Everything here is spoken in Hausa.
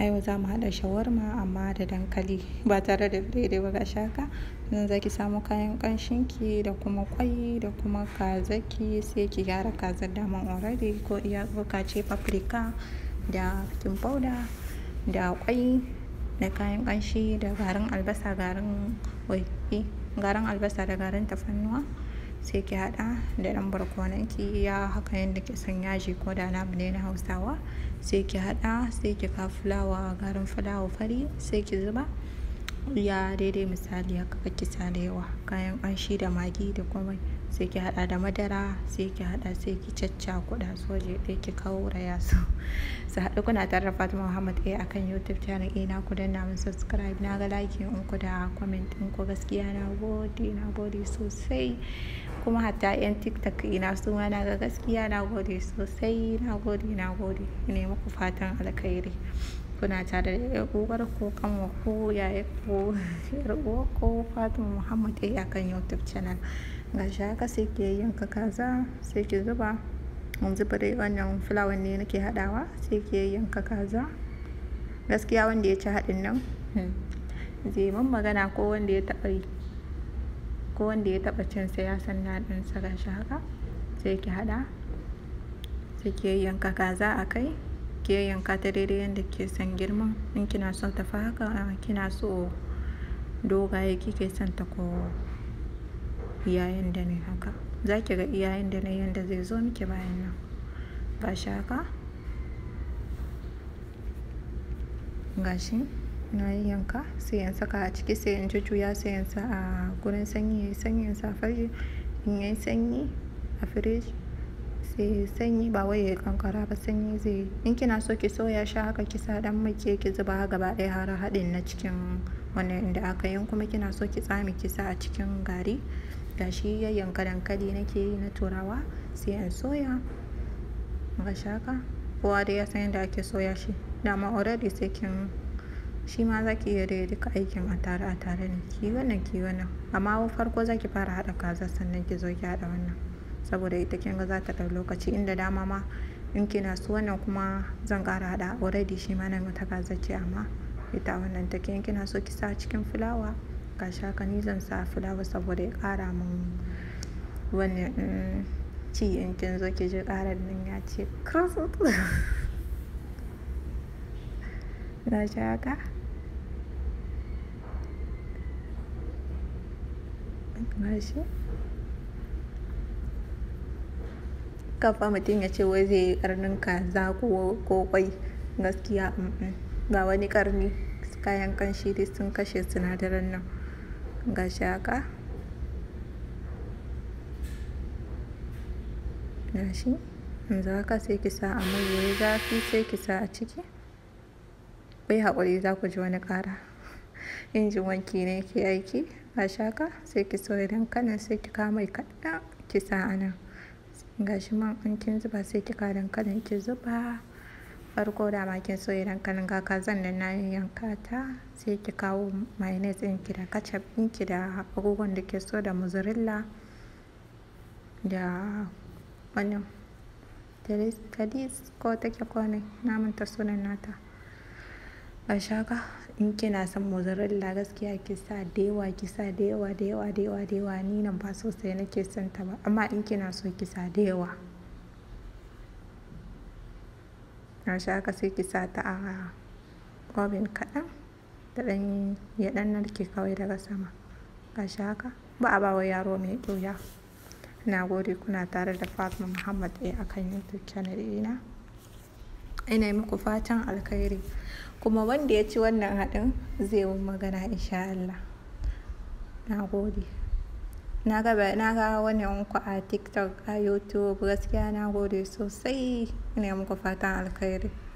a yau za mu haɗa shawarma amma da dankali ba tare da daidai ba ga shaka zan za ki samu kayan ki da kuma kwai da kuma kazaki sai ki gyara kazar daman already ko iya tsoka ce paprika da baking powder da kwai da kayan ƙanshi da garin albasa garin eh, albasa da garin tafannuwa sai ki hada da ɗan ki ya haka yadda ke san yaji ko da na bane na hausawa sai ki hada sai ki ka fulawa garin fulawa fari sai ki zuba iya daidai misali haka da yawa kayan ƙanshi da magi da komai sai ki haɗa da madara sai ki haɗa sai ki caccakuɗa su waje ɗaya ki raya su su haɗu kuna tare da Fatima Muhammad ɗaya eh, akan YouTube channel ina eh, ku danna min subscribe na ga like in ku da comment in ku gaskiya na gode na gode sosai kuma hatta yan TikTok ina su ma na ga gaskiya na gode sosai na gode na gode ne muku fatan alkhairi kuna tare da ƙoƙar ko kanwa ko yaye ko yarwa ko fatima muhammad a akan youtube channel ga shi haka sai ke yanka kaza sai ki zuba mun zuba dai wannan fulawar ne nake haɗawa sai ke yanka kaza gaskiya wanda ya ci haɗin nan hmm, zai man magana ko wanda ya taɓa yi ko wanda ya taɓa cin sai ya san naɗin sa ga shi haka sai ki haɗa sai ke yanka kaza a kai ke yanka ta daidai yadda ke son girma in kina son tafi haka kina so dogaye kike son ta ko yayin da ne haka za ki ga iyayen da ne yadda zai zo miki bayan nan ga shi haka gashi na yi yanka sai in saka a ciki sai in jujjuya sai in sa a gurin sanyi ya yi sanyi in sa farji in yi sanyi a firiji zai sanyi ba wai ya kankara ba sanyi zai in kina so ki soya shi haka ki sa dan maki ki zuba gaba ɗaya har haɗin na cikin wani inda aka yi kuma kina so ki tsami ki sa a cikin gari gashi yanka dankali nake yi na turawa sai in soya ga haka kowa da ya san yadda ake soya shi dama already sai kin shi ma za ki iya duka aikin a tare a tare ne ki wannan ki wannan amma farko za ki fara haɗa kaza sannan ki zo ki haɗa wannan saboda ita kinga zata za ta ɗau lokaci inda dama ma in kina su wannan kuma zan ƙara haɗa already shi ma nan wata gazace amma ita wannan ta in kina so ki sa cikin fulawa ga shaka ni zan sa fulawa saboda ya ƙara min wannan mm, ci in kin zo ki ji ƙarar nan ya ce shaka kafa mutum ya ce wai zai yi za ku ko kwai gaskiya ga wani karni kayan kanshi dai sun kashe sinadaran nan ga shaka na shi yanzu haka sai ki sa a mai zafi sai ki sa a ciki bai haƙuri za ku ji wani ƙara injin wanki ne ke aiki a shaka sai ki soya dankalin sai ki kama kaɗan ki sa a nan gashi man in kin zuba sai kika ƙara dankalin ki zuba farko da ma kin soya dankalin ga zan nan na yanka ta sai ki kawo mayonnaise ɗin ki da ketchup din ki da agogon da ke so da mozzarella da wannan tadis ko take kone na sunan nata a shaka in kina son mozzarella gaskiya ki sa da yawa ki sa da yawa da yawa da yawa da yawa ni nan ba sosai nake son ta ba amma in kina so ki sa da yawa na sha ka sai ki sa ta a oven kaɗan da ɗan ya ɗan narke kawai daga sama ga sha ka ba a ba wa yaro mai ƙyoya na gode kuna tare da fatima muhammad a akan youtube channel ina ina yi muku fatan alkhairi kuma wanda ya ci wannan haɗin zai yi magana insha Allah na gode na ga wannan ku a tiktok a youtube gaskiya na gode sosai ina yi muku fatan alkhairi